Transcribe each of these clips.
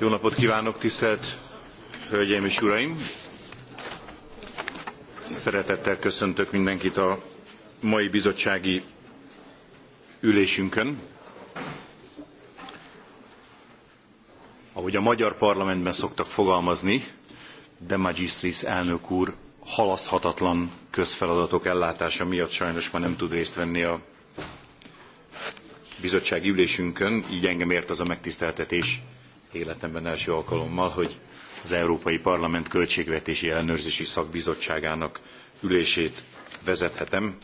Jó napot kívánok, tisztelt Hölgyeim és Uraim! Szeretettel köszöntök mindenkit a mai bizottsági ülésünkön. Ahogy a magyar parlamentben szoktak fogalmazni, de Magistris elnök úr halaszthatatlan közfeladatok ellátása miatt sajnos már nem tud részt venni a bizottsági ülésünkön, így engem ért az a megtiszteltetés, életemben első alkalommal, hogy az Európai Parlament Költségvetési Ellenőrzési Szakbizottságának ülését vezethetem.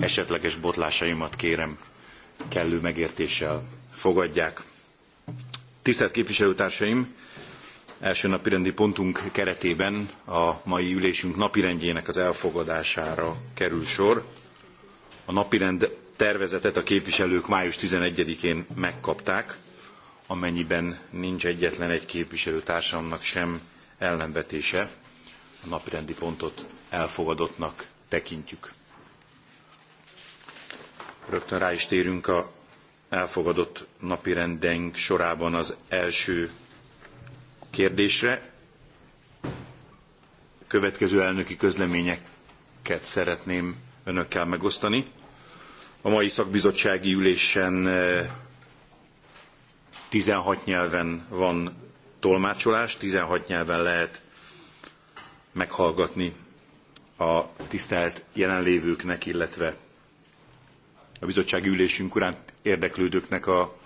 Esetleges botlásaimat kérem kellő megértéssel fogadják. Tisztelt képviselőtársaim! Első napirendi pontunk keretében a mai ülésünk napirendjének az elfogadására kerül sor. A napirend tervezetet a képviselők május 11-én megkapták amennyiben nincs egyetlen egy képviselő társamnak sem ellenvetése, a napirendi pontot elfogadottnak tekintjük. Rögtön rá is térünk a elfogadott napirendenk sorában az első kérdésre. Következő elnöki közleményeket szeretném önökkel megosztani. A mai szakbizottsági ülésen eh, 16 nyelven van tolmácsolás, 16 nyelven lehet meghallgatni a tisztelt jelenlévőknek, illetve a bizottsági ülésünk urán érdeklődőknek a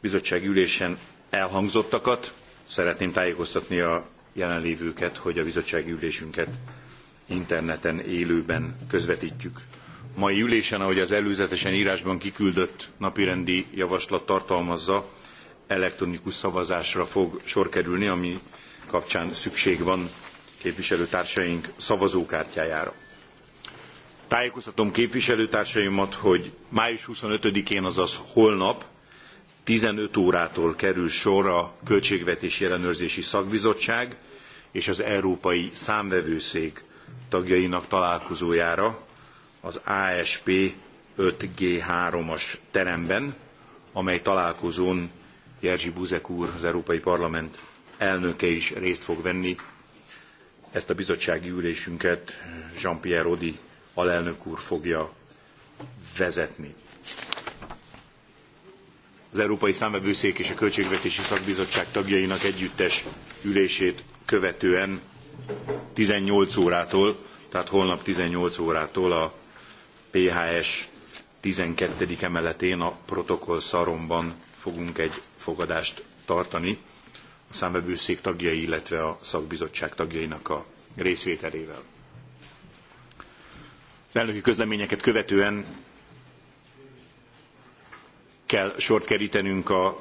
bizottsági ülésen elhangzottakat. Szeretném tájékoztatni a jelenlévőket, hogy a bizottsági ülésünket interneten élőben közvetítjük. Mai ülésen, ahogy az előzetesen írásban kiküldött napirendi javaslat tartalmazza, elektronikus szavazásra fog sor kerülni, ami kapcsán szükség van képviselőtársaink szavazókártyájára. Tájékoztatom képviselőtársaimat, hogy május 25-én, azaz holnap 15 órától kerül sor a Költségvetési Ellenőrzési Szakbizottság és az Európai Számvevőszék tagjainak találkozójára az ASP 5G3-as teremben, amely találkozón Jerzy Buzek úr, az Európai Parlament elnöke is részt fog venni. Ezt a bizottsági ülésünket Jean-Pierre Rodi alelnök úr fogja vezetni. Az Európai Számvevőszék és a Költségvetési Szakbizottság tagjainak együttes ülését követően 18 órától, tehát holnap 18 órától a PHS 12. emeletén a protokoll szaromban fogunk egy fogadást tartani a számvevőszék tagjai, illetve a szakbizottság tagjainak a részvételével. Az elnöki közleményeket követően kell sort kerítenünk a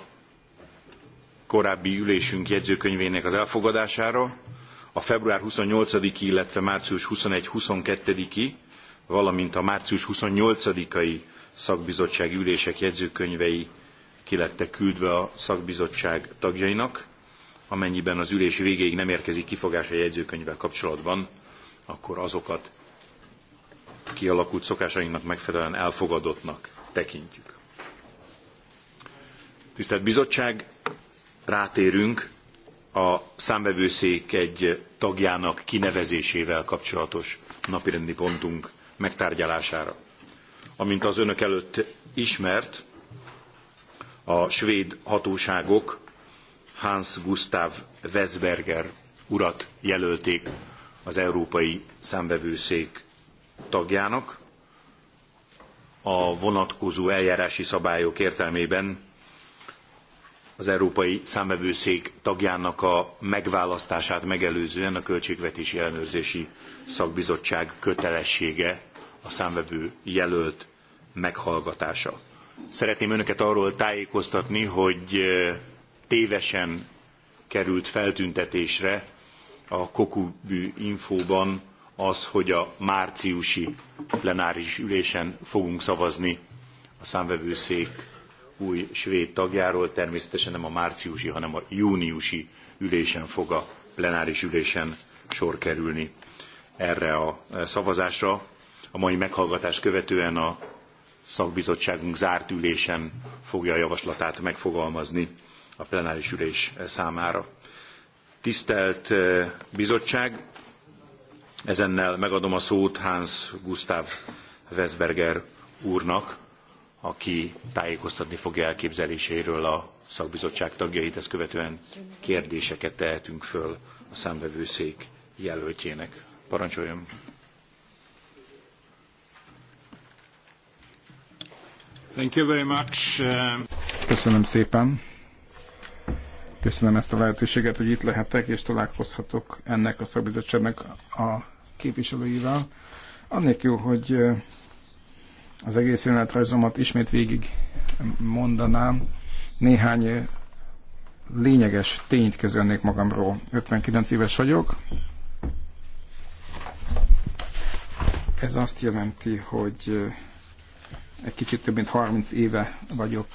korábbi ülésünk jegyzőkönyvének az elfogadására. A február 28-i, illetve március 21-22-i, valamint a március 28-ai szakbizottsági ülések jegyzőkönyvei ki lettek küldve a szakbizottság tagjainak. Amennyiben az ülés végéig nem érkezik kifogás a jegyzőkönyvvel kapcsolatban, akkor azokat kialakult szokásainknak megfelelően elfogadottnak tekintjük. Tisztelt Bizottság, rátérünk a számvevőszék egy tagjának kinevezésével kapcsolatos napirendi pontunk megtárgyalására. Amint az önök előtt ismert, a svéd hatóságok Hans Gustav Wesberger urat jelölték az Európai Számbevőszék tagjának. A vonatkozó eljárási szabályok értelmében az Európai Számbevőszék tagjának a megválasztását megelőzően a Költségvetési Ellenőrzési Szakbizottság kötelessége a számvevő jelölt meghallgatása. Szeretném önöket arról tájékoztatni, hogy tévesen került feltüntetésre a Kokubű infóban az, hogy a márciusi plenáris ülésen fogunk szavazni a számvevőszék új svéd tagjáról. Természetesen nem a márciusi, hanem a júniusi ülésen fog a plenáris ülésen sor kerülni erre a szavazásra. A mai meghallgatást követően a szakbizottságunk zárt ülésen fogja a javaslatát megfogalmazni a plenáris ülés számára. Tisztelt eh, bizottság, ezennel megadom a szót Hans Gustav Westberger úrnak, aki tájékoztatni fogja elképzeléséről a szakbizottság tagjait, ezt követően kérdéseket tehetünk föl a számvevőszék jelöltjének. Parancsoljon! Thank you very much. Uh, Köszönöm szépen. Köszönöm ezt a lehetőséget, hogy itt lehetek és találkozhatok ennek a szakbizottságnak a képviselőivel. Annélkül, hogy uh, az egész életrajzomat ismét végig mondanám, néhány uh, lényeges tényt közölnék magamról. 59 éves vagyok. Ez azt jelenti, hogy egy kicsit több mint 30 éve vagyok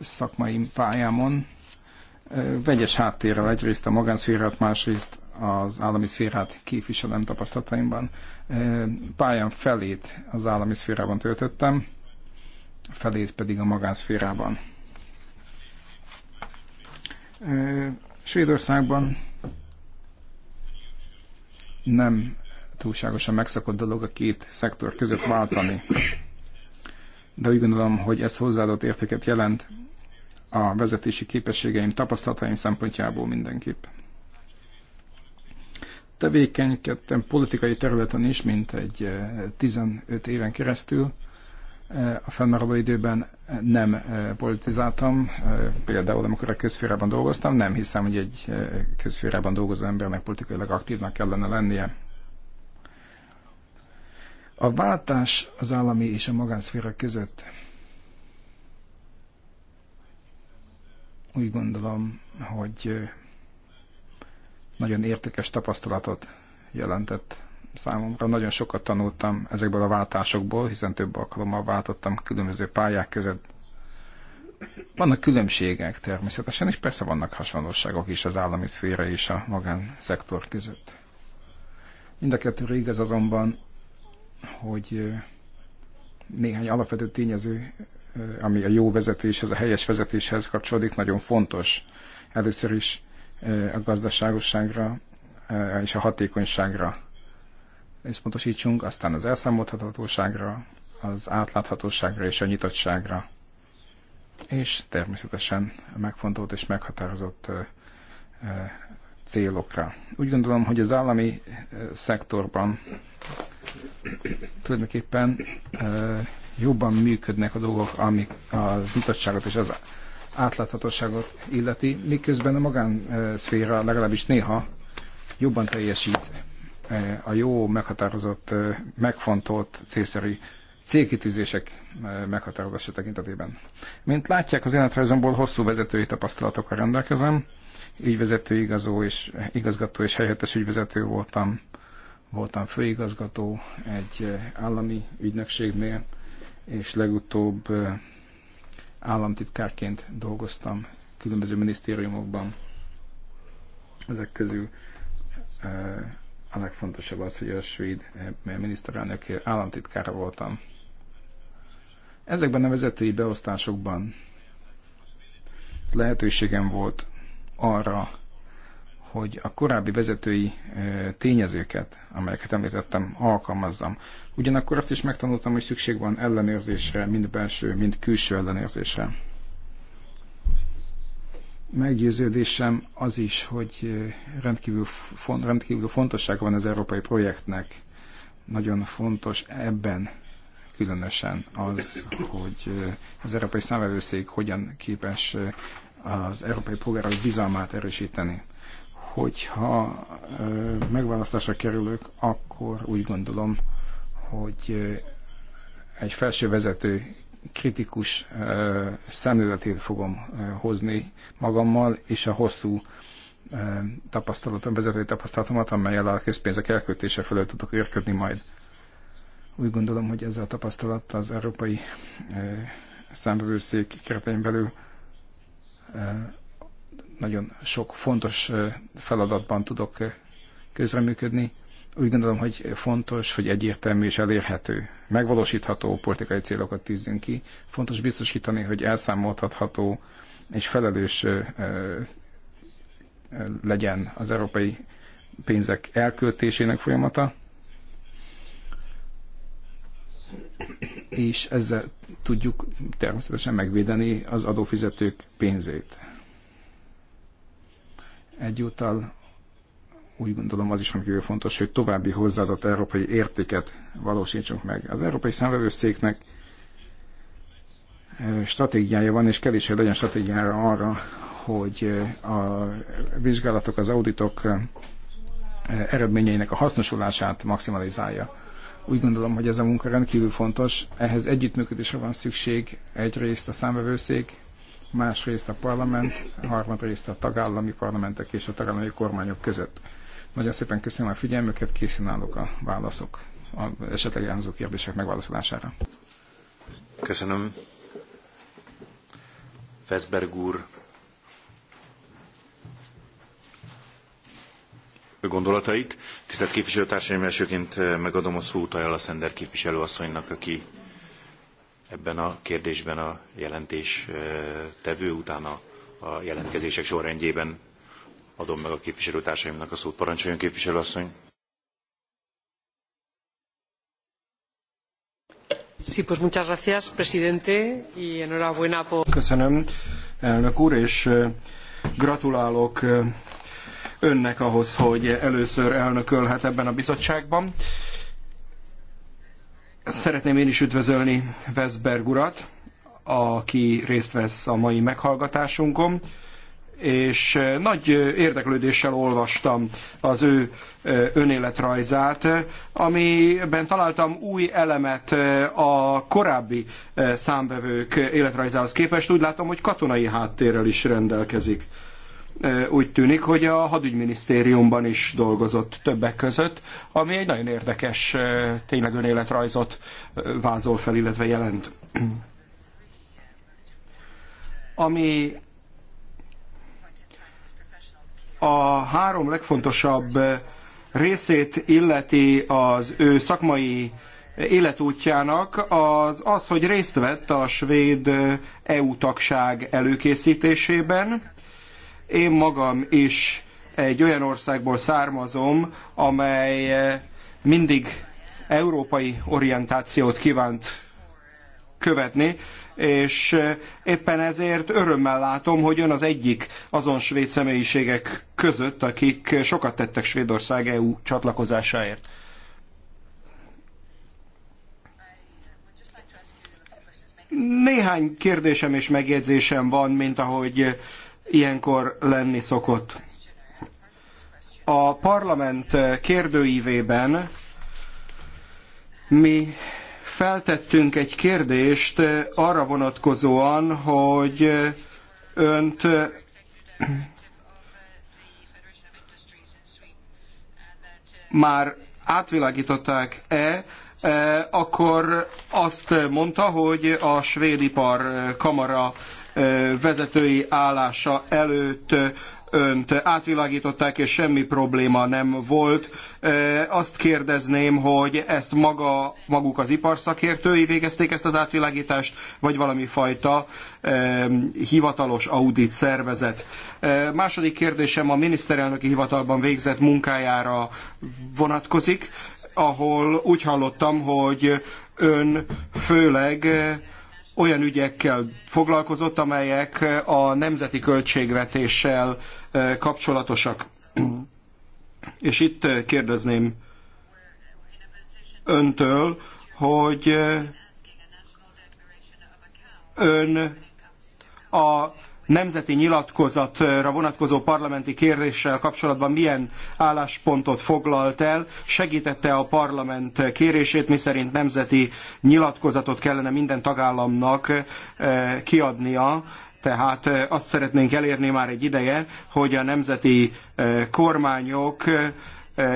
szakmai pályámon. Vegyes háttérrel egyrészt a magánszférát, másrészt az állami szférát képviselem tapasztalataimban. Pályám felét az állami szférában töltöttem, felét pedig a magánszférában. Svédországban nem túlságosan megszakott dolog a két szektor között váltani de úgy gondolom, hogy ez hozzáadott értéket jelent a vezetési képességeim, tapasztalataim szempontjából mindenképp. Tevékenykedtem politikai területen is, mint egy 15 eh, éven keresztül. Eh, a fennmaradó időben eh, nem politizáltam, például amikor a közférában dolgoztam, nem hiszem, hogy egy közférában dolgozó embernek politikailag aktívnak kellene lennie. A váltás az állami és a magánszféra között úgy gondolom, hogy nagyon értékes tapasztalatot jelentett számomra. Nagyon sokat tanultam ezekből a váltásokból, hiszen több alkalommal váltottam különböző pályák között. Vannak különbségek természetesen, és persze vannak hasonlóságok is az állami szféra és a magánszektor között. Mind a kettőre igaz azonban, hogy néhány alapvető tényező, ami a jó vezetéshez, a helyes vezetéshez kapcsolódik, nagyon fontos. Először is a gazdaságosságra és a hatékonyságra összpontosítsunk, aztán az elszámolthatatóságra, az átláthatóságra és a nyitottságra. És természetesen megfontolt és meghatározott célokra. Úgy gondolom, hogy az állami eh, szektorban tulajdonképpen eh, jobban működnek a dolgok, amik a nyitottságot és az átláthatóságot illeti, miközben a magánszféra legalábbis néha jobban teljesít eh, a jó meghatározott, megfontolt, célszerű célkitűzések meghatározása tekintetében. Mint látják, az életrajzomból hosszú vezetői tapasztalatokkal rendelkezem, ügyvezető igazó és igazgató és helyettes ügyvezető voltam, voltam főigazgató egy eh, állami ügynökségnél, és legutóbb eh, államtitkárként dolgoztam különböző minisztériumokban. Ezek közül eh, a legfontosabb az, hogy a svéd miniszterelnök államtitkára voltam. Ezekben a vezetői beosztásokban lehetőségem volt arra, hogy a korábbi vezetői tényezőket, amelyeket említettem, alkalmazzam. Ugyanakkor azt is megtanultam, hogy szükség van ellenőrzésre, mind belső, mind külső ellenőrzésre. Meggyőződésem az is, hogy rendkívül, font, rendkívül fontossága van az európai projektnek. Nagyon fontos ebben különösen az, hogy az Európai Számvevőszék hogyan képes az európai polgárok bizalmát erősíteni. Hogyha megválasztásra kerülök, akkor úgy gondolom, hogy egy felső vezető kritikus szemléletét fogom hozni magammal, és a hosszú tapasztalatom, vezetői tapasztalatomat, amelyel a közpénzek elköltése fölött tudok érködni majd. Úgy gondolom, hogy ezzel a tapasztalat az európai számvevőszék keretein belül nagyon sok fontos feladatban tudok közreműködni. Úgy gondolom, hogy fontos, hogy egyértelmű és elérhető, megvalósítható politikai célokat tűzünk ki. Fontos biztosítani, hogy elszámoltatható és felelős legyen az európai pénzek elköltésének folyamata és ezzel tudjuk természetesen megvédeni az adófizetők pénzét. Egyúttal úgy gondolom az is rendkívül fontos, hogy további hozzáadott európai értéket valósítsunk meg. Az Európai Számvevőszéknek stratégiája van, és kell is, hogy legyen stratégiára arra, hogy a vizsgálatok, az auditok eredményeinek a hasznosulását maximalizálja úgy gondolom, hogy ez a munka rendkívül fontos, ehhez együttműködésre van szükség egyrészt a számvevőszék, másrészt a parlament, harmadrészt a tagállami parlamentek és a tagállami kormányok között. Nagyon szépen köszönöm a figyelmüket, készen állok a válaszok, a esetleg elhangzó kérdések megválaszolására. Köszönöm. Veszberg úr gondolatait. Tisztelt képviselőtársaim, elsőként eh, megadom a szót Ajala Szender képviselőasszonynak, aki ebben a kérdésben a jelentés eh, tevő, utána a jelentkezések sorrendjében adom meg a képviselőtársaimnak a szót. Parancsoljon képviselőasszony! Köszönöm, elnök úr, és eh, gratulálok önnek ahhoz, hogy először elnökölhet ebben a bizottságban. Szeretném én is üdvözölni Veszberg urat, aki részt vesz a mai meghallgatásunkon és nagy érdeklődéssel olvastam az ő önéletrajzát, amiben találtam új elemet a korábbi számvevők életrajzához képest. Úgy látom, hogy katonai háttérrel is rendelkezik úgy tűnik, hogy a hadügyminisztériumban is dolgozott többek között, ami egy nagyon érdekes, tényleg önéletrajzot vázol fel, illetve jelent. Ami a három legfontosabb részét illeti az ő szakmai életútjának az az, hogy részt vett a svéd EU tagság előkészítésében, én magam is egy olyan országból származom, amely eh, mindig európai orientációt kívánt követni, és eh, éppen ezért örömmel látom, hogy ön az egyik azon svéd személyiségek között, akik sokat tettek Svédország EU csatlakozásáért. Néhány kérdésem és megjegyzésem van, mint ahogy ilyenkor lenni szokott. A parlament kérdőívében mi feltettünk egy kérdést arra vonatkozóan, hogy önt már átvilágították-e Eh, akkor azt mondta, hogy a svéd ipar eh, kamara eh, vezetői állása előtt önt átvilágították, és semmi probléma nem volt. Azt kérdezném, hogy ezt maga, maguk az iparszakértői végezték ezt az átvilágítást, vagy valami fajta hivatalos audit szervezet. Második kérdésem a miniszterelnöki hivatalban végzett munkájára vonatkozik ahol úgy hallottam, hogy ön főleg olyan ügyekkel foglalkozott, amelyek a nemzeti költségvetéssel eh, kapcsolatosak. És itt eh, kérdezném öntől, hogy eh, ön a nemzeti nyilatkozatra vonatkozó parlamenti kérdéssel kapcsolatban milyen álláspontot foglalt el, segítette a parlament kérését, miszerint nemzeti nyilatkozatot kellene minden tagállamnak eh, kiadnia, tehát eh, azt szeretnénk elérni már egy ideje, hogy a nemzeti eh, kormányok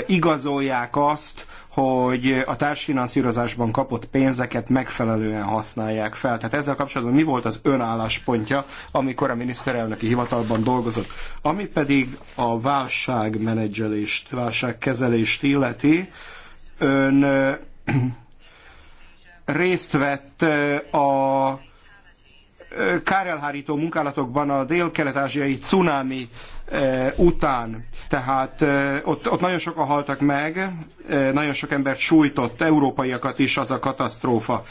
igazolják azt, hogy a társfinanszírozásban kapott pénzeket megfelelően használják fel. Tehát ezzel kapcsolatban mi volt az önálláspontja, amikor a miniszterelnöki hivatalban dolgozott? Ami pedig a válságmenedzselést, válságkezelést illeti, ön részt vett a kárelhárító munkálatokban a dél-kelet-ázsiai cunami után. Tehát ott, ott nagyon sokan haltak meg, nagyon sok embert sújtott, európaiakat is az a katasztrófa.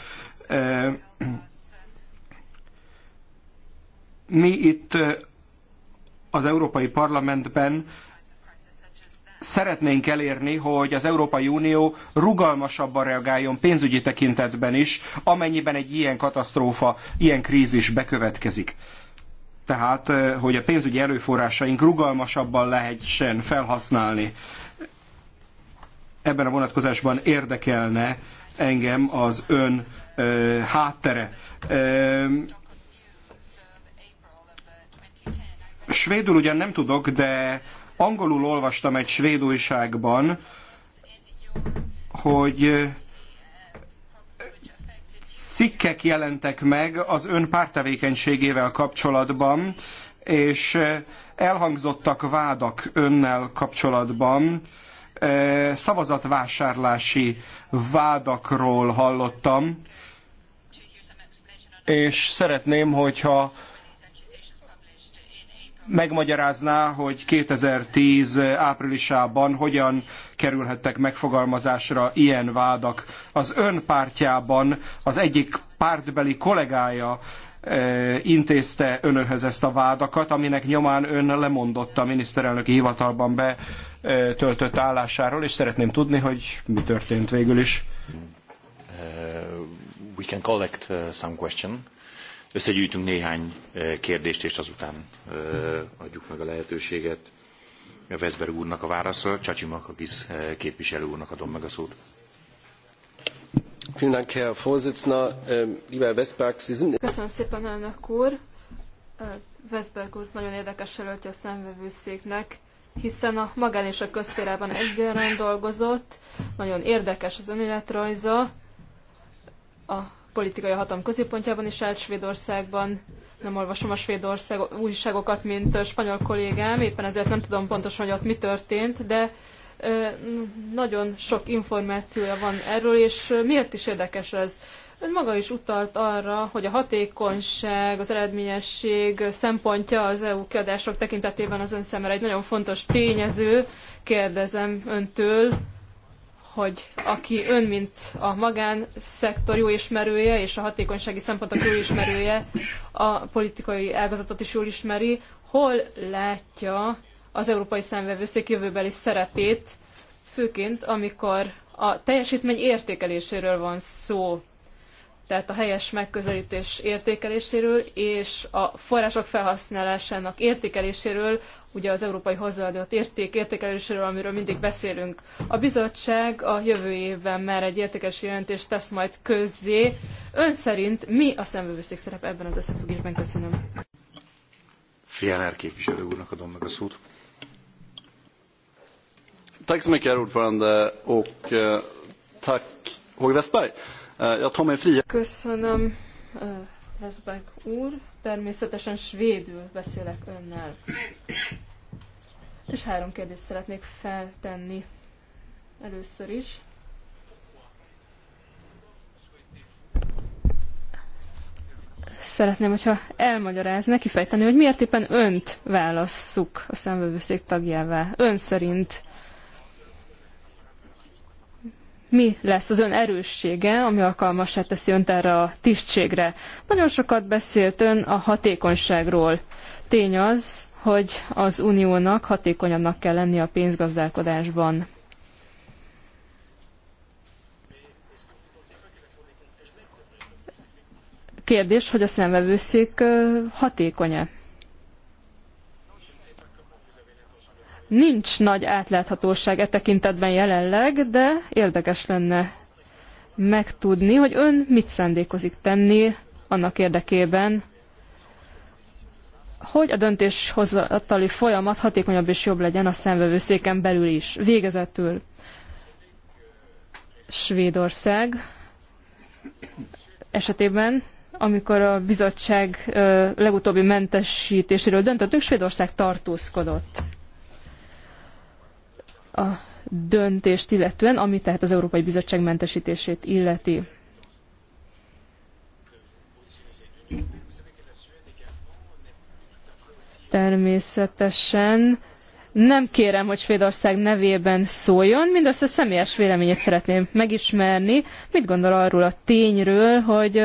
Mi itt az Európai Parlamentben szeretnénk elérni, hogy az Európai Unió rugalmasabban reagáljon pénzügyi tekintetben is, amennyiben egy ilyen katasztrófa, ilyen krízis bekövetkezik. Tehát, eh, hogy a pénzügyi előforrásaink rugalmasabban lehessen felhasználni. Ebben a vonatkozásban érdekelne engem az ön ö, eh, háttere. Ö, eh, Svédül ugyan nem tudok, de Angolul olvastam egy svéd újságban, hogy cikkek jelentek meg az ön pártevékenységével kapcsolatban, és elhangzottak vádak önnel kapcsolatban, szavazatvásárlási vádakról hallottam, és szeretném, hogyha megmagyarázná, hogy 2010 áprilisában hogyan kerülhettek megfogalmazásra ilyen vádak. Az ön pártjában az egyik pártbeli kollégája e, intézte önökhöz ezt a vádakat, aminek nyomán ön lemondott a miniszterelnöki hivatalban betöltött állásáról, és szeretném tudni, hogy mi történt végül is. Uh, we can collect uh, some question. Összegyűjtünk néhány kérdést, és azután adjuk meg a lehetőséget a Veszber úrnak a válaszra. Csacsi Makakis képviselő úrnak adom meg a szót. Köszönöm szépen, elnök úr. Veszberg úr nagyon érdekes jelöltje a szemvevőszéknek, hiszen a magán és a közférában egyaránt dolgozott, nagyon érdekes az önéletrajza, a politikai hatalom középpontjában is állt Svédországban. Nem olvasom a Svédország újságokat, mint a spanyol kollégám, éppen ezért nem tudom pontosan, hogy ott mi történt, de nagyon sok információja van erről, és miért is érdekes ez? Ön maga is utalt arra, hogy a hatékonyság, az eredményesség szempontja az EU kiadások tekintetében az ön szemére egy nagyon fontos tényező. Kérdezem öntől, hogy aki ön, mint a magánszektor jó ismerője és a hatékonysági szempontok jó ismerője, a politikai ágazatot is jól ismeri, hol látja az Európai Számvevőszék jövőbeli szerepét, főként amikor a teljesítmény értékeléséről van szó tehát a helyes megközelítés értékeléséről és a források felhasználásának értékeléséről, ugye az európai hozzáadott érték értékeléséről, amiről mindig beszélünk. A bizottság a jövő évben már egy értékes jelentést tesz majd közzé. Ön szerint mi a szembevőszék szerep ebben az összefüggésben? Köszönöm. Fjellner képviselő úrnak adom meg a szót. Tack så mycket, herr ordförande, och eh, tack Håg Westberg. Eh, jag tar mig fria... Köszönöm, Lesbek eh, úr. Természetesen svédül beszélek önnel. És három kérdést szeretnék feltenni először is. Szeretném, hogyha elmagyarázni, kifejteni, hogy miért éppen önt válasszuk a szemvevőszék tagjává. Ön szerint mi lesz az ön erőssége, ami alkalmasá teszi önt erre a tisztségre. Nagyon sokat beszélt ön a hatékonyságról. Tény az, hogy az uniónak hatékonyabbnak kell lennie a pénzgazdálkodásban. Kérdés, hogy a szemvevőszék hatékony-e? Nincs nagy átláthatóság e tekintetben jelenleg, de érdekes lenne megtudni, hogy ön mit szándékozik tenni annak érdekében, hogy a döntéshozatali folyamat hatékonyabb és jobb legyen a szemvevőszéken belül is. Végezetül Svédország esetében, amikor a bizottság legutóbbi mentesítéséről döntöttünk, Svédország tartózkodott a döntést illetően, ami tehát az Európai Bizottság mentesítését illeti. Természetesen nem kérem, hogy Svédország nevében szóljon, mindössze személyes véleményét szeretném megismerni. Mit gondol arról a tényről, hogy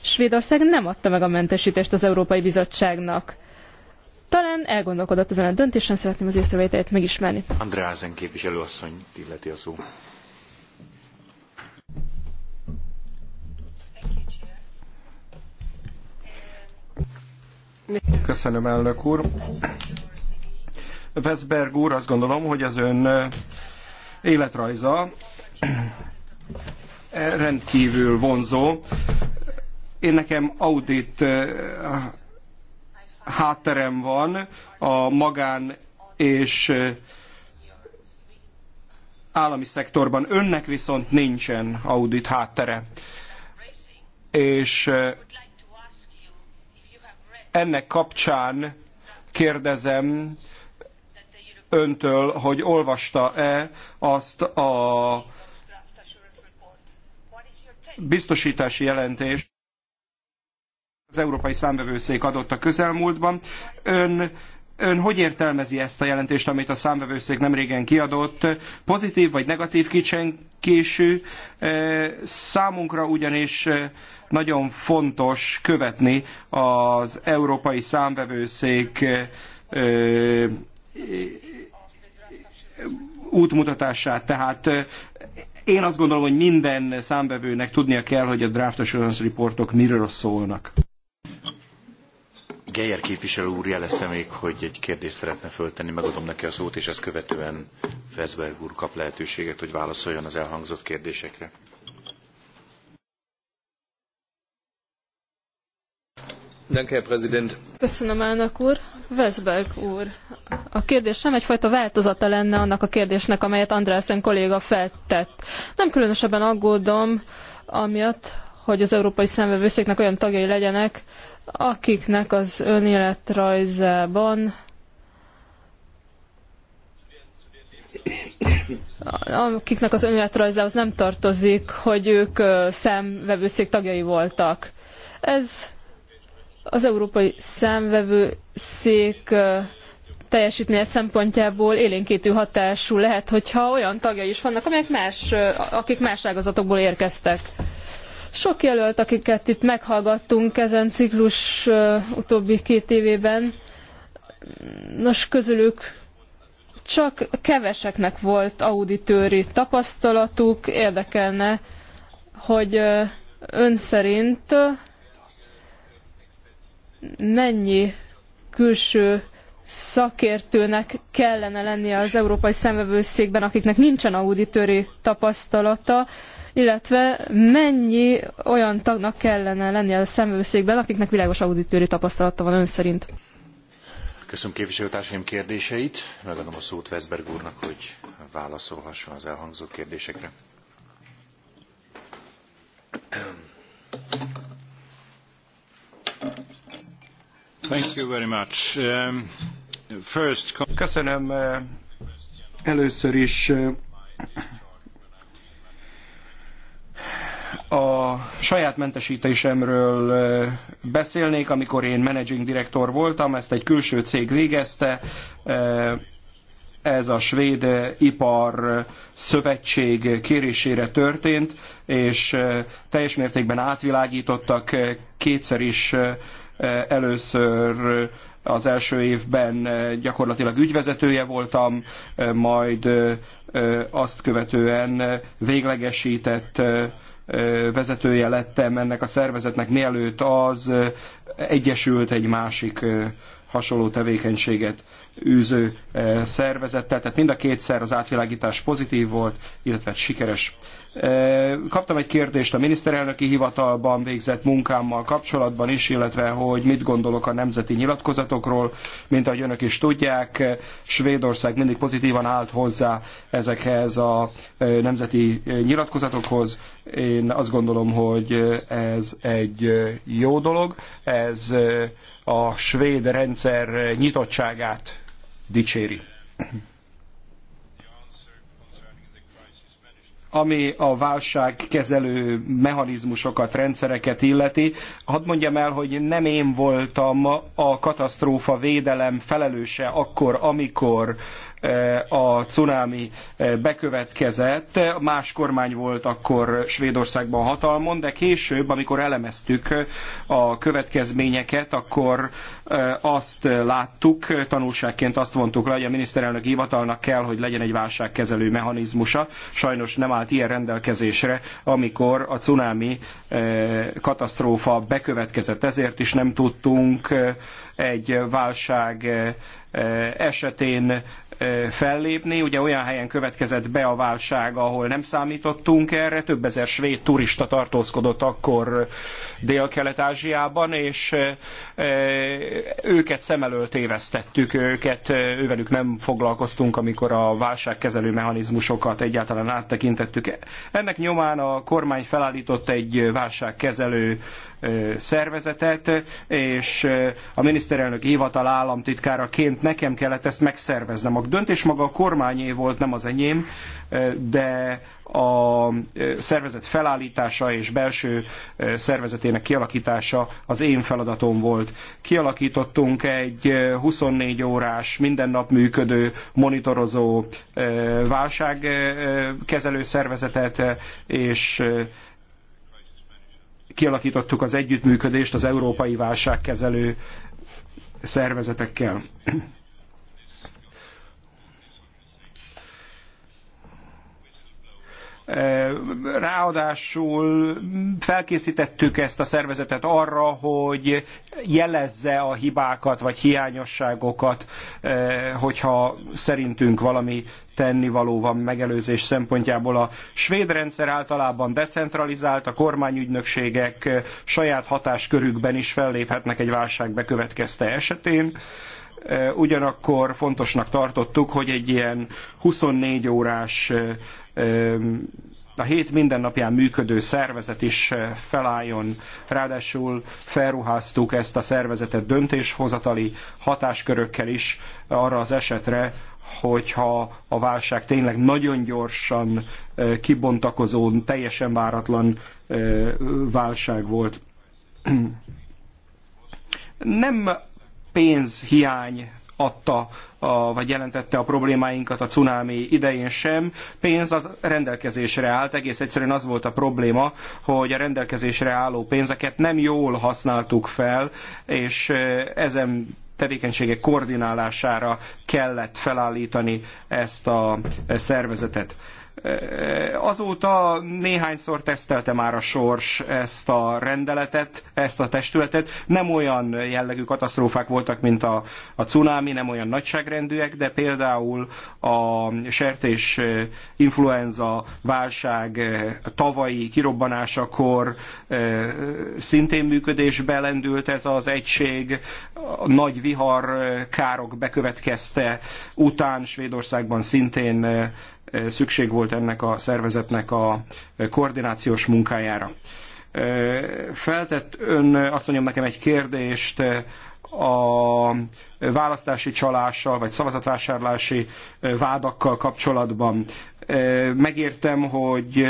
Svédország nem adta meg a mentesítést az Európai Bizottságnak? talán elgondolkodott ezen a döntésen, szeretném az észrevételét megismerni. Andrázen képviselőasszony illeti a szó. Köszönöm, elnök úr. Veszberg úr, azt gondolom, hogy az ön életrajza rendkívül vonzó. Én nekem audit hátterem van a magán és állami szektorban. Önnek viszont nincsen audit háttere. És ennek kapcsán kérdezem öntől, hogy olvasta-e azt a biztosítási jelentést, az Európai Számvevőszék adott a közelmúltban. Ön Ön hogy értelmezi ezt a jelentést, amit a számvevőszék nemrégen kiadott? Pozitív vagy negatív kicsenkésű? E, számunkra ugyanis e, nagyon fontos követni az Európai Számvevőszék e, útmutatását. Tehát én azt gondolom, hogy minden számbevőnek tudnia kell, hogy a draft assurance reportok miről szólnak. Geyer képviselő úr jelezte még, hogy egy kérdést szeretne föltenni, megadom neki a szót, és ezt követően Veszberg úr kap lehetőséget, hogy válaszoljon az elhangzott kérdésekre. Köszönöm, elnök úr. Veszberg úr, a kérdésem egyfajta változata lenne annak a kérdésnek, amelyet Andrásen kolléga feltett. Nem különösebben aggódom, amiatt, hogy az Európai Számvevőszéknek olyan tagjai legyenek, akiknek az önéletrajzában akiknek az önéletrajzához nem tartozik, hogy ők számvevőszék tagjai voltak. Ez az Európai Számvevőszék teljesítménye szempontjából élénkítő hatású lehet, hogyha olyan tagjai is vannak, amelyek más, akik más ágazatokból érkeztek. Sok jelölt, akiket itt meghallgattunk ezen ciklus utóbbi két évében, nos közülük csak keveseknek volt auditőri tapasztalatuk, érdekelne, hogy ön szerint mennyi külső szakértőnek kellene lennie az Európai Szemvevőszékben, akiknek nincsen auditőri tapasztalata, illetve mennyi olyan tagnak kellene lennie a szemvőszékben, akiknek világos auditőri tapasztalata van ön szerint? Köszönöm képviselőtársaim kérdéseit. Megadom a szót Veszberg úrnak, hogy válaszolhasson az elhangzott kérdésekre. Thank you very much. Um, first... Köszönöm uh, először is uh, saját mentesítésemről beszélnék, amikor én managing director voltam, ezt egy külső cég végezte, ez a svéd ipar szövetség kérésére történt, és teljes mértékben átvilágítottak kétszer is először az első évben gyakorlatilag ügyvezetője voltam, majd azt követően véglegesített vezetője lettem ennek a szervezetnek, mielőtt az egyesült egy másik hasonló tevékenységet űző e, szervezettel, tehát mind a kétszer az átvilágítás pozitív volt, illetve hát sikeres. E, kaptam egy kérdést a miniszterelnöki hivatalban végzett munkámmal kapcsolatban is, illetve hogy mit gondolok a nemzeti nyilatkozatokról, mint ahogy önök is tudják, Svédország mindig pozitívan állt hozzá ezekhez a e, nemzeti nyilatkozatokhoz. Én azt gondolom, hogy ez egy jó dolog, ez a svéd rendszer nyitottságát dicséri. ami a válságkezelő mechanizmusokat, rendszereket illeti. Hadd mondjam el, hogy nem én voltam a katasztrófa védelem felelőse akkor, amikor eh, a cunami eh, bekövetkezett. Más kormány volt akkor Svédországban hatalmon, de később, amikor elemeztük eh, a következményeket, akkor azt láttuk, tanulságként azt vontuk le, hogy a miniszterelnök hivatalnak kell, hogy legyen egy válságkezelő mechanizmusa. Sajnos nem állt ilyen rendelkezésre, amikor a cunami eh, katasztrófa bekövetkezett. Ezért is nem tudtunk eh, egy válság eh, esetén fellépni. Ugye olyan helyen következett be a válság, ahol nem számítottunk erre. Több ezer svéd turista tartózkodott akkor Dél-Kelet-Ázsiában, és őket szem előtt évesztettük őket, ővelük nem foglalkoztunk, amikor a válságkezelő mechanizmusokat egyáltalán áttekintettük. Ennek nyomán a kormány felállított egy válságkezelő szervezetet, és a miniszterelnök hivatal államtitkáraként nekem kellett ezt megszerveznem. A döntés maga a kormányé volt, nem az enyém, de a szervezet felállítása és belső szervezetének kialakítása az én feladatom volt. Kialakítottunk egy 24 órás, minden nap működő, monitorozó válságkezelő szervezetet, és kialakítottuk az együttműködést az európai válságkezelő szervezetekkel. Ráadásul felkészítettük ezt a szervezetet arra, hogy jelezze a hibákat vagy hiányosságokat, eh, hogyha szerintünk valami tennivaló van megelőzés szempontjából. A svéd rendszer általában decentralizált, a kormányügynökségek eh, saját hatáskörükben is felléphetnek egy válság bekövetkezte esetén Eh, ugyanakkor fontosnak tartottuk, hogy egy ilyen 24 órás eh, a hét mindennapján működő szervezet is eh, felálljon. Ráadásul felruháztuk ezt a szervezetet döntéshozatali hatáskörökkel is arra az esetre, hogyha a válság tényleg nagyon gyorsan kibontakozó, teljesen váratlan válság volt. Nem pénzhiány adta, a, vagy jelentette a problémáinkat a cunámi idején sem. Pénz az rendelkezésre állt, egész egyszerűen az volt a probléma, hogy a rendelkezésre álló pénzeket nem jól használtuk fel, és ezen tevékenységek koordinálására kellett felállítani ezt a szervezetet. Azóta néhányszor tesztelte már a sors ezt a rendeletet, ezt a testületet. Nem olyan jellegű katasztrófák voltak, mint a, a cunami, nem olyan nagyságrendűek, de például a sertés eh, influenza válság eh, tavalyi kirobbanásakor eh, szintén működésbe lendült ez az egység. A nagy vihar károk bekövetkezte után Svédországban szintén szükség volt ennek a szervezetnek a koordinációs munkájára. Feltett ön, azt mondjam nekem, egy kérdést a választási csalással, vagy szavazatvásárlási vádakkal kapcsolatban. Megértem, hogy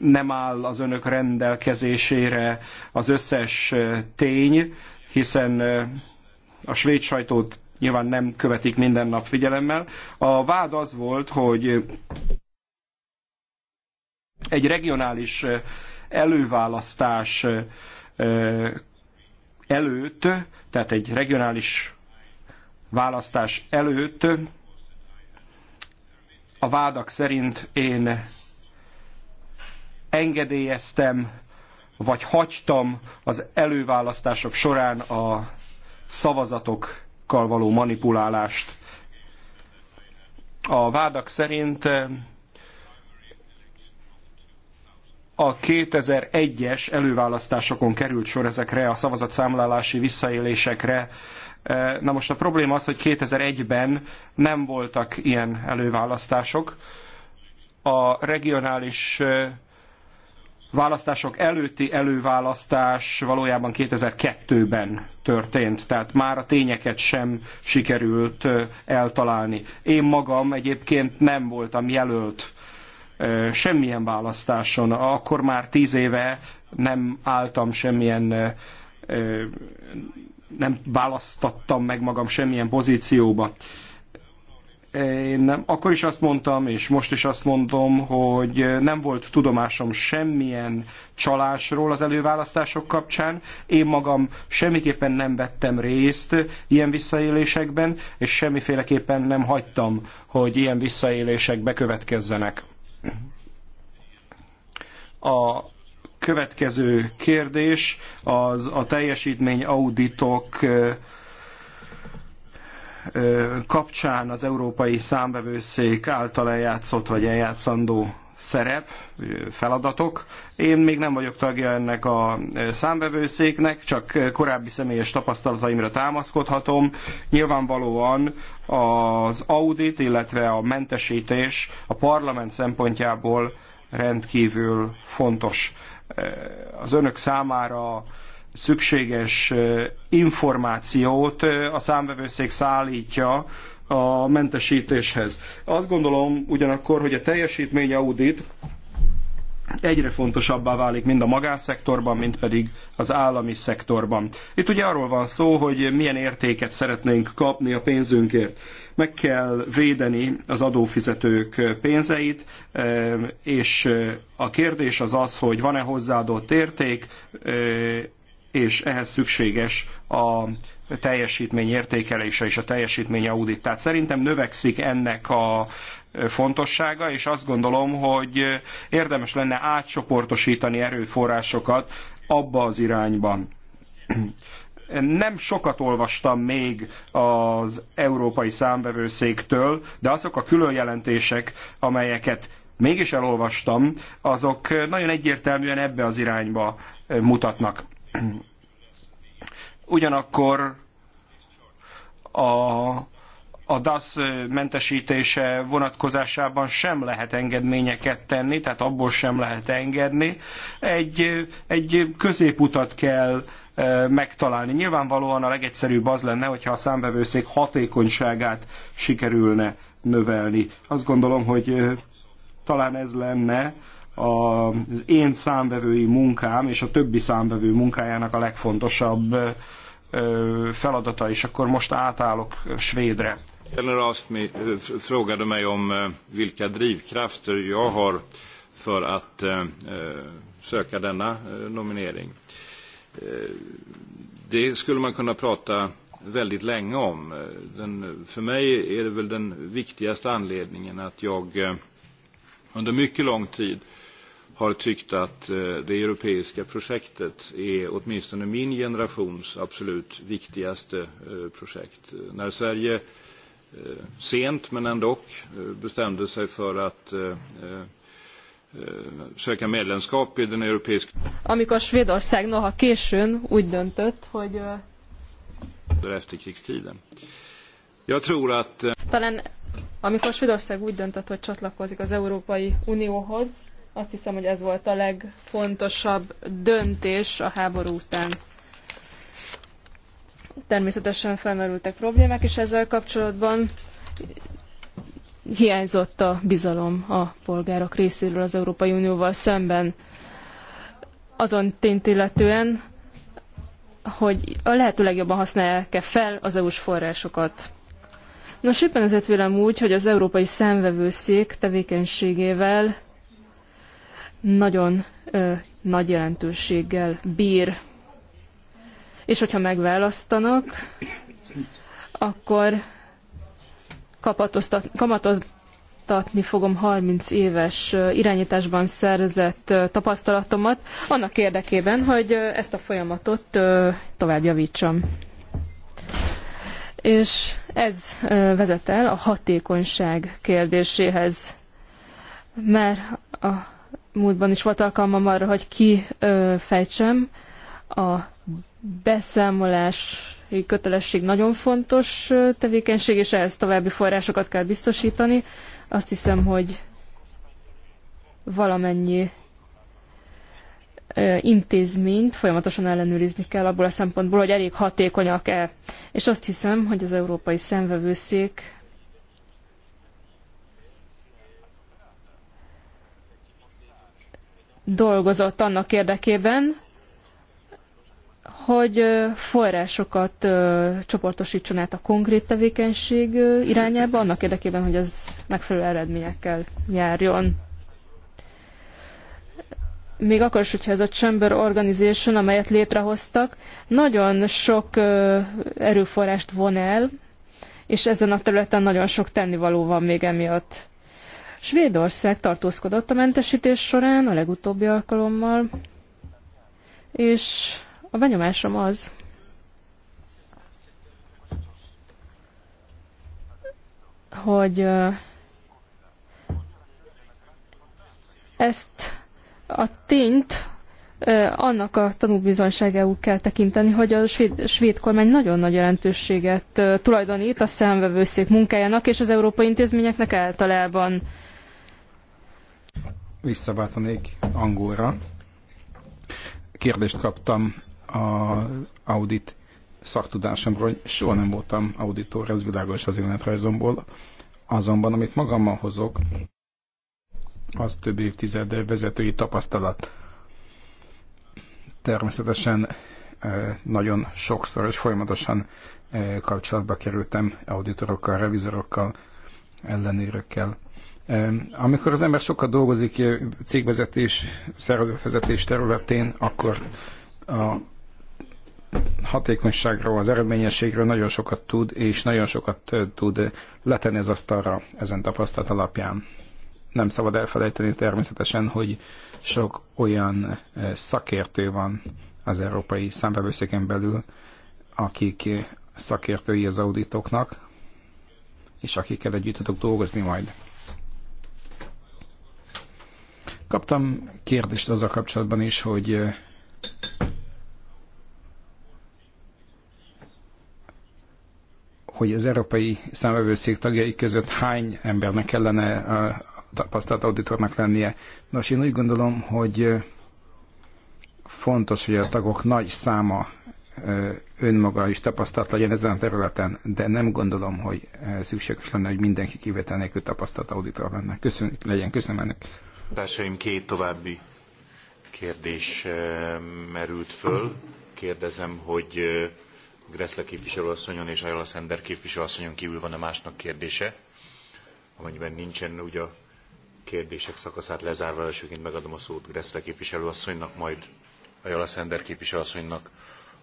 nem áll az önök rendelkezésére az összes tény, hiszen a svéd sajtót nyilván nem követik minden nap figyelemmel. A vád az volt, hogy egy regionális előválasztás előtt, tehát egy regionális választás előtt a vádak szerint én engedélyeztem, vagy hagytam az előválasztások során a szavazatok vádakkal való manipulálást. A vádak szerint eh, a 2001-es előválasztásokon került sor ezekre a szavazatszámlálási visszaélésekre. Eh, na most a probléma az, hogy 2001-ben nem voltak ilyen előválasztások. A regionális eh, választások előtti előválasztás valójában 2002-ben történt, tehát már a tényeket sem sikerült eltalálni. Én magam egyébként nem voltam jelölt semmilyen választáson, akkor már tíz éve nem álltam semmilyen, nem választattam meg magam semmilyen pozícióba én nem, akkor is azt mondtam, és most is azt mondom, hogy nem volt tudomásom semmilyen csalásról az előválasztások kapcsán. Én magam semmiképpen nem vettem részt ilyen visszaélésekben, és semmiféleképpen nem hagytam, hogy ilyen visszaélések bekövetkezzenek. A következő kérdés az a teljesítmény auditok kapcsán az Európai Számvevőszék által eljátszott vagy eljátszandó szerep, feladatok. Én még nem vagyok tagja ennek a számvevőszéknek, csak korábbi személyes tapasztalataimra támaszkodhatom. Nyilvánvalóan az audit, illetve a mentesítés a parlament szempontjából rendkívül fontos. Az önök számára szükséges információt a számvevőszék szállítja a mentesítéshez. Azt gondolom ugyanakkor, hogy a teljesítmény audit egyre fontosabbá válik mind a magánszektorban, mind pedig az állami szektorban. Itt ugye arról van szó, hogy milyen értéket szeretnénk kapni a pénzünkért. Meg kell védeni az adófizetők pénzeit, és a kérdés az az, hogy van-e hozzáadott érték, és ehhez szükséges a teljesítmény értékelése és a teljesítmény audit. Tehát szerintem növekszik ennek a fontossága, és azt gondolom, hogy érdemes lenne átcsoportosítani erőforrásokat abba az irányban nem sokat olvastam még az Európai számbevőszéktől, de azok a különjelentések, amelyeket mégis elolvastam, azok nagyon egyértelműen ebbe az irányba mutatnak. Ugyanakkor a a DASZ mentesítése vonatkozásában sem lehet engedményeket tenni, tehát abból sem lehet engedni. Egy, egy középutat kell e, megtalálni. Nyilvánvalóan a legegyszerűbb az lenne, hogyha a számvevőszék hatékonyságát sikerülne növelni. Azt gondolom, hogy e, talán ez lenne az én számvevői munkám és a többi számvevő munkájának a legfontosabb feladata, és akkor most átállok svédre. Eller frågade mig om vilka drivkrafter jag har för att söka denna nominering. Det skulle man kunna prata väldigt länge om. Den, för mig är det väl den viktigaste anledningen att jag under mycket lång tid har tyckt att eh, det europeiska projektet är åtminstone min generations absolut viktigaste eh, projekt. När Sverige eh, sent men ändå bestämde sig för att söka medlemskap i den europeiska... Amikor Svédország noha későn úgy döntött, hogy... Efterkrigstiden. Jag tror att... Talán amikor Svédország úgy döntött, hogy csatlakozik az Európai Unióhoz, azt hiszem, hogy ez volt a legfontosabb döntés a háború után. Természetesen felmerültek problémák, és ezzel kapcsolatban hiányzott a bizalom a polgárok részéről az Európai Unióval szemben. Azon tényt illetően, hogy a lehető legjobban használják-e fel az EU-s forrásokat. Nos, éppen ezért vélem úgy, hogy az Európai Szemvevőszék tevékenységével nagyon ö, nagy jelentőséggel bír. És hogyha megválasztanak, akkor kamatoztatni fogom 30 éves irányításban szerzett tapasztalatomat, annak érdekében, hogy ezt a folyamatot tovább javítsam. És ez vezet el a hatékonyság kérdéséhez, mert a múltban is volt alkalmam arra, hogy kifejtsem. A beszámolási kötelesség nagyon fontos tevékenység, és ehhez további forrásokat kell biztosítani. Azt hiszem, hogy valamennyi intézményt folyamatosan ellenőrizni kell abból a szempontból, hogy elég hatékonyak-e. És azt hiszem, hogy az Európai Szemvevőszék dolgozott annak érdekében, hogy forrásokat csoportosítson át a konkrét tevékenység irányába, annak érdekében, hogy ez megfelelő eredményekkel járjon. Még akkor is, hogyha ez a Chamber Organization, amelyet létrehoztak, nagyon sok erőforrást von el, és ezen a területen nagyon sok tennivaló van még emiatt. Svédország tartózkodott a mentesítés során a legutóbbi alkalommal, és a benyomásom az, hogy ezt a tényt annak a tanúbizonyságául kell tekinteni, hogy a svéd, svéd kormány nagyon nagy jelentőséget tulajdonít a számvevőszék munkájának és az európai intézményeknek általában visszaváltanék angolra. Kérdést kaptam az audit szaktudásomról, hogy soha nem voltam auditor, ez világos az életrajzomból. Azonban, amit magammal hozok, az több évtized vezetői tapasztalat. Természetesen eh, nagyon sokszor és folyamatosan eh, kapcsolatba kerültem auditorokkal, revizorokkal, ellenőrökkel, amikor az ember sokat dolgozik cégvezetés, szervezetvezetés területén, akkor a hatékonyságról, az eredményességről nagyon sokat tud, és nagyon sokat tud letenni az asztalra ezen tapasztalat alapján. Nem szabad elfelejteni természetesen, hogy sok olyan szakértő van az európai számbevőszéken belül, akik szakértői az auditoknak, és akikkel együtt tudok dolgozni majd. Kaptam kérdést azzal kapcsolatban is, hogy hogy az európai számvevőszék tagjai között hány embernek kellene a tapasztalt auditornak lennie. Nos, én úgy gondolom, hogy fontos, hogy a tagok nagy száma önmaga is tapasztalt legyen ezen a területen, de nem gondolom, hogy szükséges lenne, hogy mindenki kivétel nélkül tapasztalt auditor lenne. Köszönjük, legyen. Köszönöm ennek. Társaim két további kérdés eh, merült föl. Kérdezem, hogy eh, Greszle képviselőasszonyon és Ajala Szender képviselőasszonyon kívül van a másnak kérdése. Amennyiben nincsen, ugye a kérdések szakaszát lezárva elsőként megadom a szót Greszle képviselőasszonynak, majd Ajala Szender képviselőasszonynak,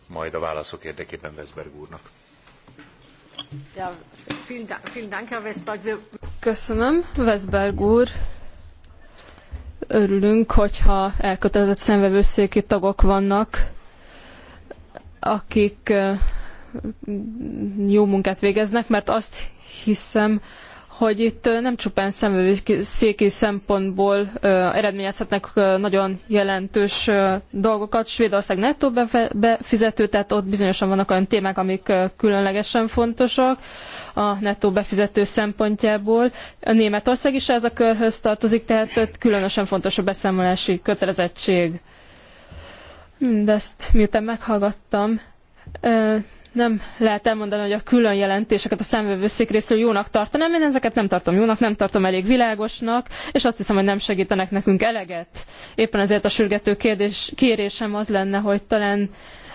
majd a válaszok érdekében Veszberg úrnak. Köszönöm, Veszberg úr örülünk, hogyha elkötelezett szemvevőszéki tagok vannak, akik jó munkát végeznek, mert azt hiszem, hogy itt nem csupán szemőszéki szempontból eredményezhetnek nagyon jelentős dolgokat. Svédország nettó befizető, tehát ott bizonyosan vannak olyan témák, amik különlegesen fontosak a nettó befizető szempontjából. A Németország is ez a körhöz tartozik, tehát ott különösen fontos a beszámolási kötelezettség. Mindezt miután meghallgattam, nem lehet elmondani, hogy a külön jelentéseket a szemvevőszék részről jónak tartanám. Én ezeket nem tartom jónak, nem tartom elég világosnak, és azt hiszem, hogy nem segítenek nekünk eleget. Éppen ezért a sürgető kérdés, kérésem az lenne, hogy talán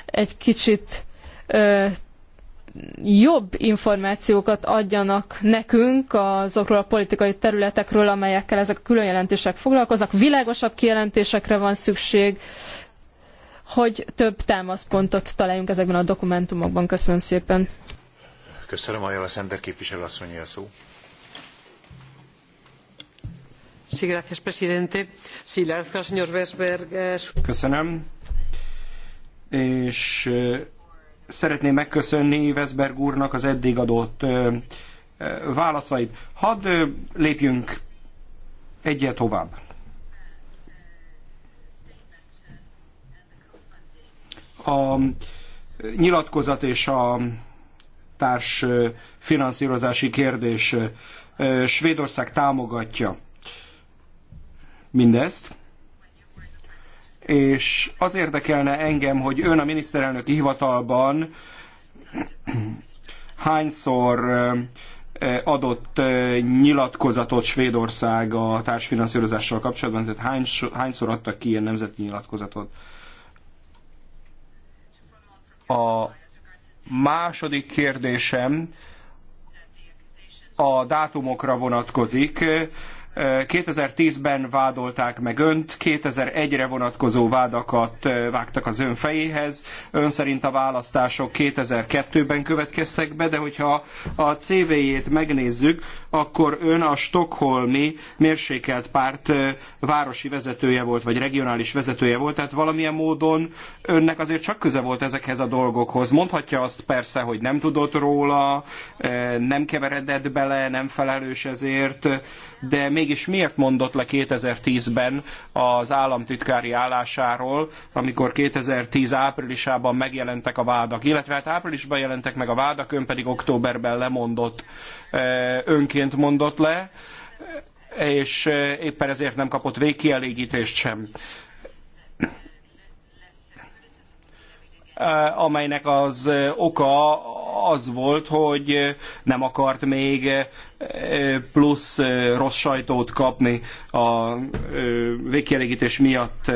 egy kicsit ö, jobb információkat adjanak nekünk azokról a politikai területekről, amelyekkel ezek a külön jelentések foglalkoznak. Világosabb kijelentésekre van szükség, hogy több támaszpontot találjunk ezekben a dokumentumokban. Köszönöm szépen. Köszönöm, Ajala Szender képviselő asszonyi a szó. Eh, Köszönöm. És eh, szeretném megköszönni Veszberg úrnak az eddig adott eh, válaszait. Hadd lépjünk egyet tovább. a nyilatkozat és a társ finanszírozási kérdés Svédország támogatja mindezt, és az érdekelne engem, hogy ön a miniszterelnöki hivatalban hányszor adott nyilatkozatot Svédország a társfinanszírozással kapcsolatban, tehát hányszor adtak ki ilyen nemzeti nyilatkozatot a második kérdésem a dátumokra vonatkozik. 2010-ben vádolták meg önt, 2001-re vonatkozó vádakat vágtak az ön fejéhez. Ön szerint a választások 2002-ben következtek be, de hogyha a CV-jét megnézzük, akkor ön a Stockholmi mérsékelt párt városi vezetője volt, vagy regionális vezetője volt, tehát valamilyen módon önnek azért csak köze volt ezekhez a dolgokhoz. Mondhatja azt persze, hogy nem tudott róla, nem keveredett bele, nem felelős ezért, de még mégis miért mondott le 2010-ben az államtitkári állásáról, amikor 2010 áprilisában megjelentek a vádak, illetve hát áprilisban jelentek meg a vádak, ön pedig októberben lemondott, e, önként mondott le, e, és e, éppen ezért nem kapott végkielégítést sem. Eh, amelynek az eh, oka az volt, hogy eh, nem akart még plusz rossz sajtót kapni a végkielégítés miatt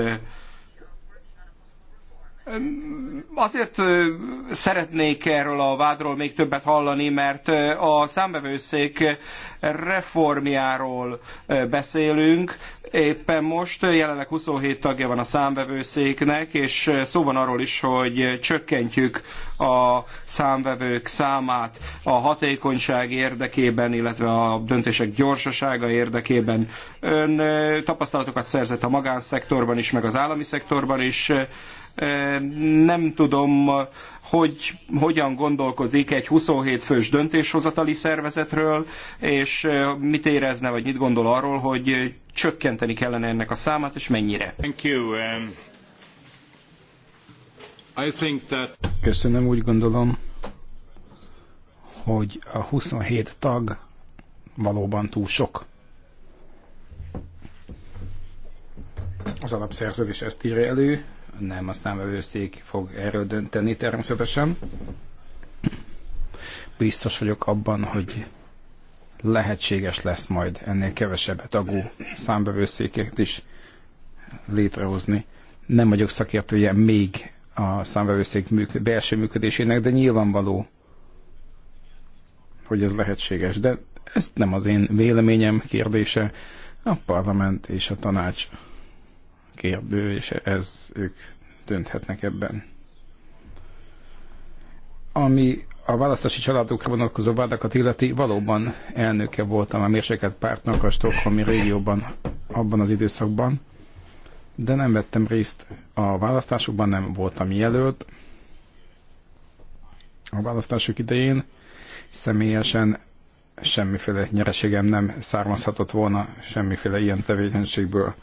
Azért szeretnék erről a vádról még többet hallani, mert a számbevőszék reformjáról beszélünk. Éppen most jelenleg 27 tagja van a számvevőszéknek, és szó van arról is, hogy csökkentjük a számvevők számát a hatékonyság érdekében, illetve a döntések gyorsasága érdekében. Ön tapasztalatokat szerzett a magánszektorban is, meg az állami szektorban is nem tudom, hogy hogyan gondolkozik egy 27 fős döntéshozatali szervezetről, és mit érezne, vagy mit gondol arról, hogy csökkenteni kellene ennek a számát, és mennyire. Um, that... Köszönöm, úgy gondolom, hogy a 27 tag valóban túl sok. Az alapszerződés ezt írja elő, nem a őszék fog erről dönteni természetesen. Biztos vagyok abban, hogy lehetséges lesz majd ennél kevesebb tagú számbevőszéket is létrehozni. Nem vagyok szakértője még a számbevőszék működ, belső működésének, de nyilvánvaló, hogy ez lehetséges. De ezt nem az én véleményem kérdése, a parlament és a tanács kérdő, és ez ők dönthetnek ebben. Ami a választási családokra vonatkozó vádakat illeti, valóban elnöke voltam a mérsékelt pártnak a Stockholmi régióban abban az időszakban, de nem vettem részt a választásokban, nem voltam jelölt. A választások idején személyesen semmiféle nyereségem nem származhatott volna semmiféle ilyen tevékenységből.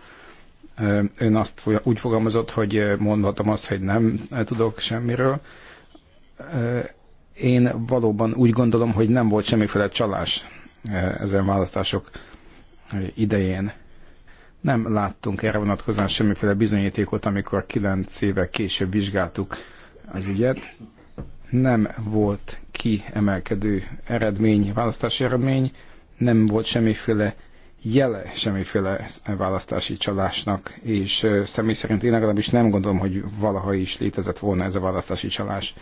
Ön azt úgy fogalmazott, hogy mondhatom azt, hogy nem tudok semmiről. Én valóban úgy gondolom, hogy nem volt semmiféle csalás ezen választások idején. Nem láttunk erre vonatkozóan semmiféle bizonyítékot, amikor kilenc éve később vizsgáltuk az ügyet. Nem volt kiemelkedő eredmény, választási eredmény, nem volt semmiféle jele semmiféle választási csalásnak, és személy szerint én legalábbis nem gondolom, hogy valaha is létezett volna ez a választási csalás.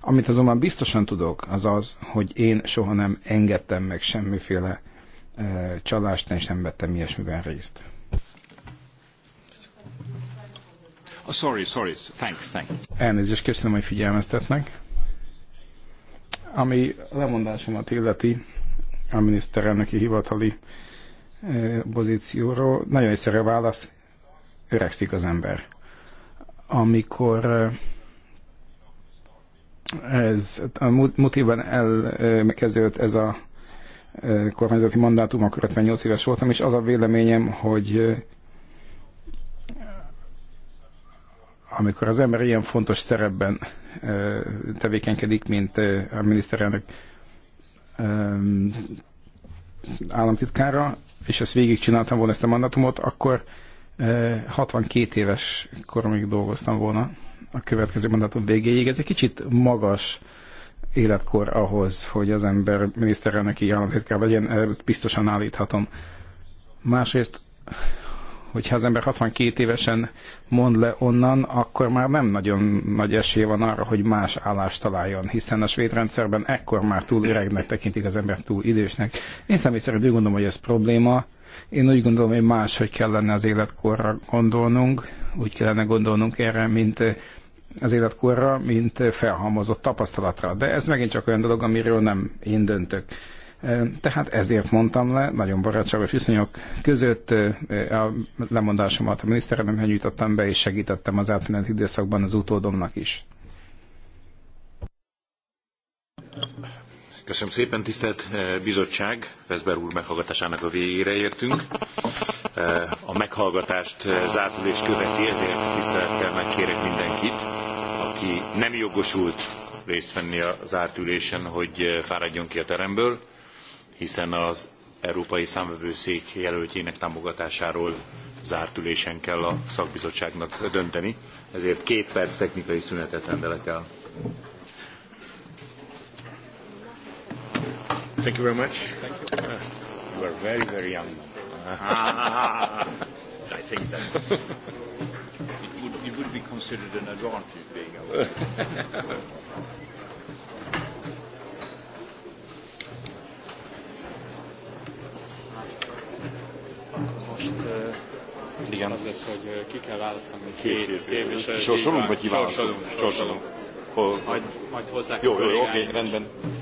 Amit azonban biztosan tudok, az az, hogy én soha nem engedtem meg semmiféle csalást, és nem vettem ilyesmiben részt. Oh, sorry, sorry, thanks, thanks. Elnézést, köszönöm, hogy figyelmeztetnek. Ami lemondásomat illeti, a miniszterelnöki hivatali Eh, pozícióról. Nagyon egyszerű a válasz, öregszik az ember. Amikor eh, ez a múlt elkezdődött eh, ez a kormányzati mandátum, akkor 58 éves voltam, és az a véleményem, hogy amikor az ember ilyen fontos szerepben tevékenykedik, mint a miniszterelnök államtitkára, és ezt végigcsináltam volna ezt a mandatumot, akkor 62 eh, éves koromig dolgoztam volna a következő mandátum végéig. Ez egy kicsit magas életkor ahhoz, hogy az ember miniszterelnöki államtitkár legyen, ezt biztosan állíthatom. Másrészt hogyha az ember 62 évesen mond le onnan, akkor már nem nagyon nagy esély van arra, hogy más állást találjon, hiszen a svéd rendszerben ekkor már túl öregnek tekintik az ember túl idősnek. Én személy szerint úgy gondolom, hogy ez probléma. Én úgy gondolom, hogy más, hogy kellene az életkorra gondolnunk, úgy kellene gondolnunk erre, mint eh, az életkorra, mint eh, felhalmozott tapasztalatra. De ez megint csak olyan dolog, amiről nem én döntök tehát ezért mondtam le, nagyon barátságos viszonyok között a lemondásomat a miniszterelnömhez nyújtottam be, és segítettem az átmeneti időszakban az utódomnak is. Köszönöm szépen, tisztelt bizottság! Veszber úr meghallgatásának a végére értünk. A meghallgatást zárt ülés követi, ezért tisztelettel megkérek mindenkit, aki nem jogosult részt venni a zárt ülésen, hogy fáradjon ki a teremből hiszen az Európai Számvevőszék jelöltjének támogatásáról zárt ülésen kell a szakbizottságnak dönteni, ezért két perc technikai szünetet rendelek el. Thank you very much. Thank you. Uh, you are very, very young. Ah, I think that's... It would, it would be considered an advantage being a Igen. az lesz, hogy ki kell választani két, két két, két, vagy két, két, két, két, két, két, két, két, jó, oké, rendben.